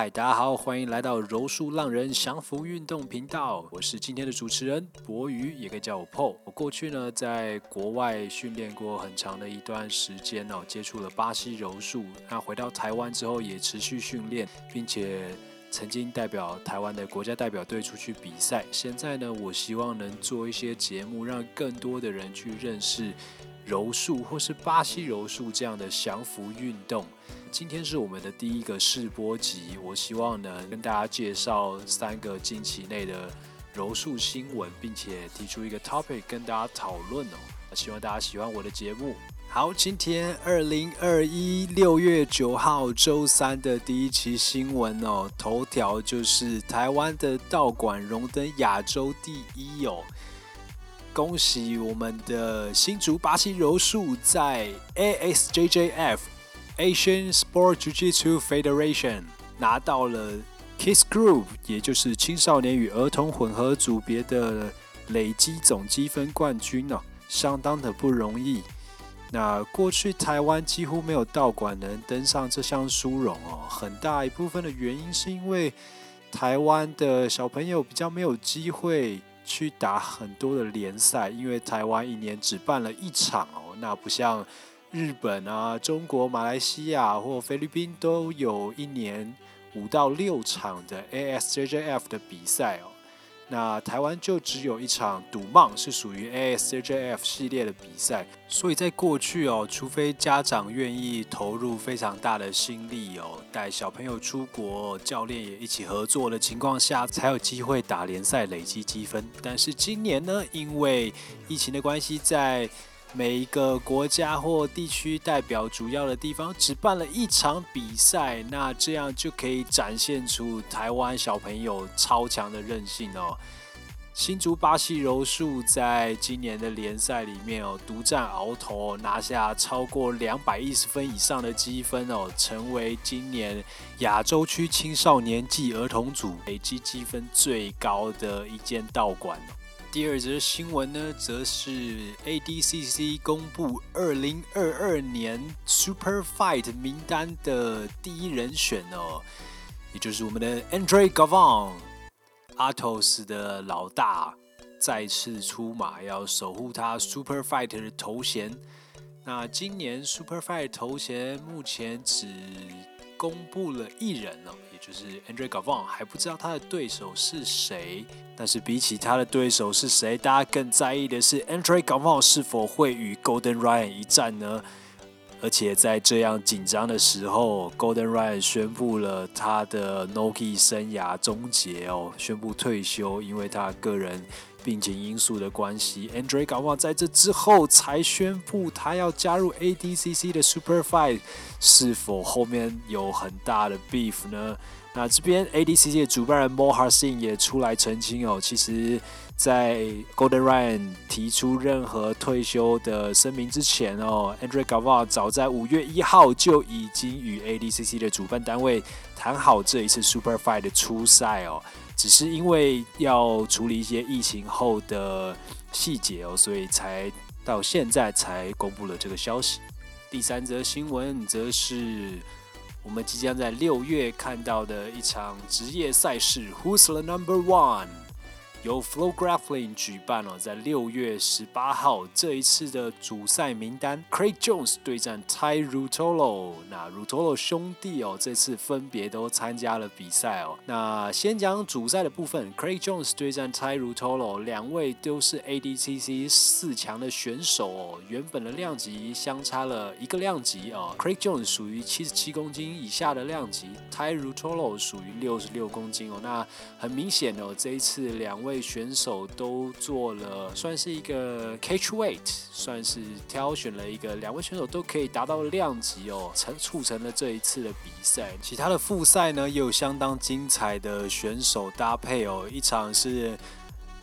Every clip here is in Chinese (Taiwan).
嗨，大家好，歡迎來到柔術浪人降伏運動頻道。我是今天的主持人博瑜，也可以叫我 Po。我過去呢在國外訓練過很長的一段時間哦，接觸了巴西柔術。那回到台灣之後也持續訓練，並且曾經代表台灣的國家代表隊出去比賽。現在呢，我希望能做一些節目，讓更多的人去認識。柔術或是巴西柔術這樣的降伏運動，今天是我們的第一個試播集，我希望呢跟大家介紹三個近期內的柔術新聞，並且提出一個 topic 跟大家討論哦。希望大家喜歡我的節目。好，今天二零二一六月九號周三的第一期新聞哦，頭條就是台灣的道館榮登亞洲第一哦。恭喜我們的新竹巴西柔術在 ASJJF Asian Sport Jiu Jitsu Federation 拿到了 Kids Group，也就是青少年與兒童混合組別的累積總積分冠軍哦、啊，相當的不容易。那過去台灣幾乎沒有道館能登上這項殊榮哦、啊，很大一部分的原因是因為台灣的小朋友比較沒有機會。去打很多的聯賽，因為台灣一年只辦了一場哦，那不像日本啊、中國、馬來西亞或菲律賓都有一年五到六場的 ASJJF 的比賽哦。那台灣就只有一場賭夢是屬於 ASJF 系列的比賽，所以在過去哦，除非家長願意投入非常大的心力哦，帶小朋友出國，教練也一起合作的情況下，才有機會打聯賽累積積分。但是今年呢，因為疫情的關係，在每一個國家或地區代表主要的地方，只辦了一場比賽，那這樣就可以展現出台灣小朋友超強的韌性哦。新竹巴西柔術在今年的聯賽裡面哦，獨占鰲頭，拿下超過兩百一十分以上的積分哦，成為今年亞洲區青少年暨兒童組累積積分最高的一間道館。第二則新聞呢，則是 ADCC 公布二零二二年 Super Fight 名單的第一人選哦，也就是我們的 Andre Gavon，Atos 的老大再次出馬，要守護他 Super Fight 的頭銜。那今年 Super Fight 頭銜目前只。公布了一人哦，也就是 Andre g a v o n 還不知道他的對手是誰。但是比起他的對手是誰，大家更在意的是 Andre g a v o n 是否會與 Golden Ryan 一戰呢？而且在這樣緊張的時候，Golden Ryan 宣佈了他的 n o k i 生涯終結哦，宣佈退休，因為他個人。病情因素的關係，Andre Galvao 在這之後才宣布他要加入 ADCC 的 Super Fight，是否後面有很大的 beef 呢？那這邊 ADCC 的主辦人 Mohar Singh 也出來澄清哦，其實在 Golden Ryan 提出任何退休的聲明之前哦，Andre Galvao 早在五月一號就已經與 ADCC 的主辦單位談好這一次 Super Fight 的初賽哦。只是因為要處理一些疫情後的細節哦，所以才到現在才公布了這個消息。第三則新聞則是我們即將在六月看到的一場職業賽事，Who's the number one？由 Flow Grappling 舉辦哦，在六月十八號這一次的主賽名單，Craig Jones 對戰 Tye Ruotolo。那 Ruotolo 兄弟哦，這次分別都參加了比賽哦。那先講主賽的部分，Craig Jones 對戰 Tye Ruotolo，兩位都是 ADCC 四強的選手哦。原本的量級相差了一個量級哦，Craig Jones 屬於七十七公斤以下的量級，Tye Ruotolo 屬於六十六公斤哦。那很明顯哦，這一次兩位。兩位選手都做了，算是一個 catch weight，算是挑選了一個兩位選手都可以達到量級哦，成促成了這一次的比賽。其他的副賽呢，也有相當精彩的選手搭配哦，一場是。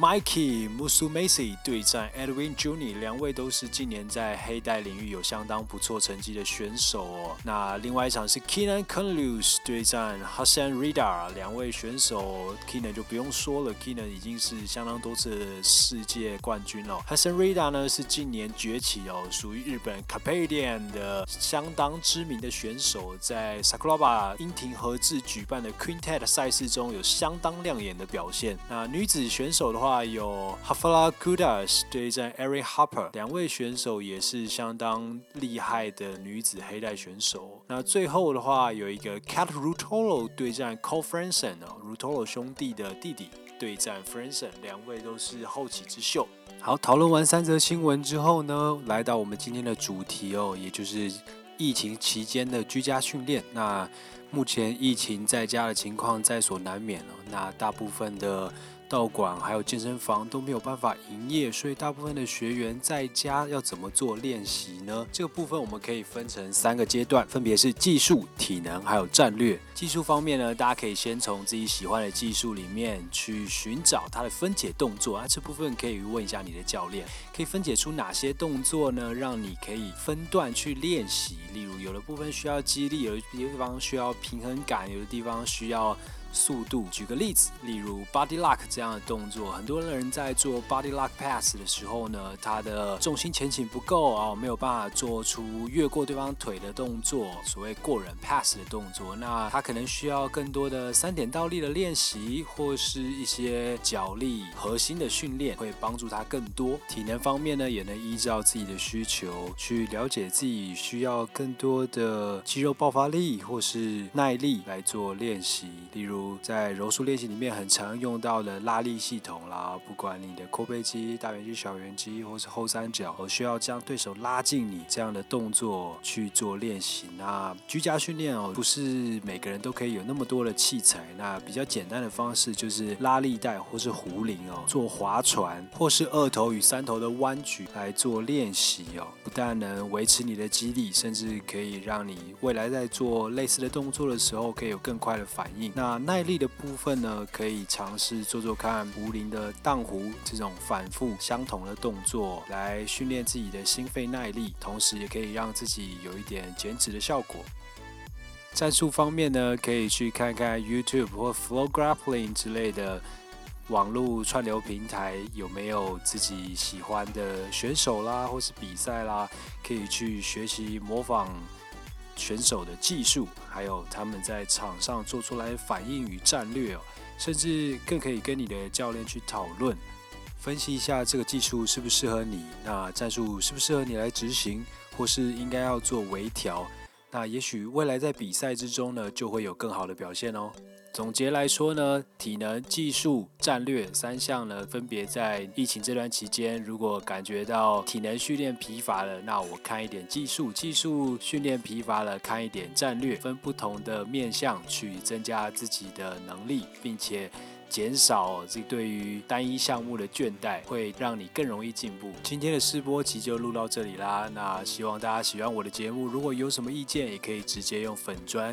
Mikey Musumeci 對戰 Edwin Juni 兩位都是近年在黑帶領域有相當不錯成績的選手哦。那另外一場是 Keenan Conluse 對戰 Hassan Rida，兩位選手 Keenan 就不用說了 Keenan 已經是相當多次世界冠軍了哦。Hassan Rida 呢是近年崛起哦，屬於日本 Carpe Diem 的相當知名的選手，在 Sakuraba 櫻庭和志舉辦的 Quintet 賽事中有相當亮眼的表現。那女子選手的話，話有 Hafalakudas 對戰 Eric Harper，兩位選手也是相當厲害的女子黑帶選手。那最後的話有一個 Cat Ruotolo 對戰 Cole Franson，Ruotolo 兄弟的弟弟對戰 Franson，兩位都是後起之秀。好，討論完三則新聞之後呢，來到我們今天的主題哦，也就是疫情期間的居家訓練。那目前疫情在家的情況在所難免了，那大部分的道館還有健身房都沒有辦法營業，所以大部分的學員在家要怎麼做練習呢？這個部分我們可以分成三個階段，分別是技術、體能還有戰略。技術方面呢，大家可以先從自己喜歡的技術裡面去尋找它的分解動作啊，那這部分可以問一下你的教練，可以分解出哪些動作呢？讓你可以分段去練習。例如，有的部分需要肌力，有的地方需要。平衡感，有的地方需要。速度，舉個例子，例如 body lock 這樣的動作，很多人在做 body lock pass 的時候呢，他的重心前傾不夠啊、哦，沒有辦法做出越過對方腿的動作，所謂過人 pass 的動作，那他可能需要更多的三點倒立的練習，或是一些腳力核心的訓練，會幫助他更多。體能方面呢，也能依照自己的需求去了解自己需要更多的肌肉爆發力，或是耐力來做練習，例如。在柔術練習裡面很常用到的拉力系統啦，不管你的闊背肌、大圓肌、小圓肌或是後三角，我需要將對手拉近你這樣的動作去做練習。那居家訓練哦，不是每個人都可以有那麼多的器材，那比較簡單的方式就是拉力帶或是壺鈴哦，做划船或是二頭與三頭的彎舉來做練習哦，不但能維持你的肌力，甚至可以讓你未來在做類似的動作的時候可以有更快的反應。那耐力的部分呢，可以嘗試做做看壺鈴的盪壺這種反復相同的動作，來訓練自己的心肺耐力，同時也可以讓自己有一點減脂的效果。戰術方面呢，可以去看看 YouTube 或 FloGrappling 之類的網絡串流平台，有沒有自己喜歡的選手啦，或是比賽啦，可以去學習模仿。選手的技術，還有他們在場上做出來反應與戰略，甚至更可以跟你的教練去討論，分析一下這個技術適不適合你，那戰術適不適合你來執行，或是應該要做微調，那也許未來在比賽之中呢，就會有更好的表現哦、喔。總結來說呢，體能、技術、戰略三項呢，分別在疫情這段期間，如果感覺到體能訓練疲乏了，那我看一點技術；技術訓練疲乏了，看一點戰略，分不同的面向去增加自己的能力，並且減少這對於單一項目的倦怠，會讓你更容易進步。今天的試播集就錄到這裡啦，那希望大家喜歡我的節目，如果有什麼意見，也可以直接用粉專。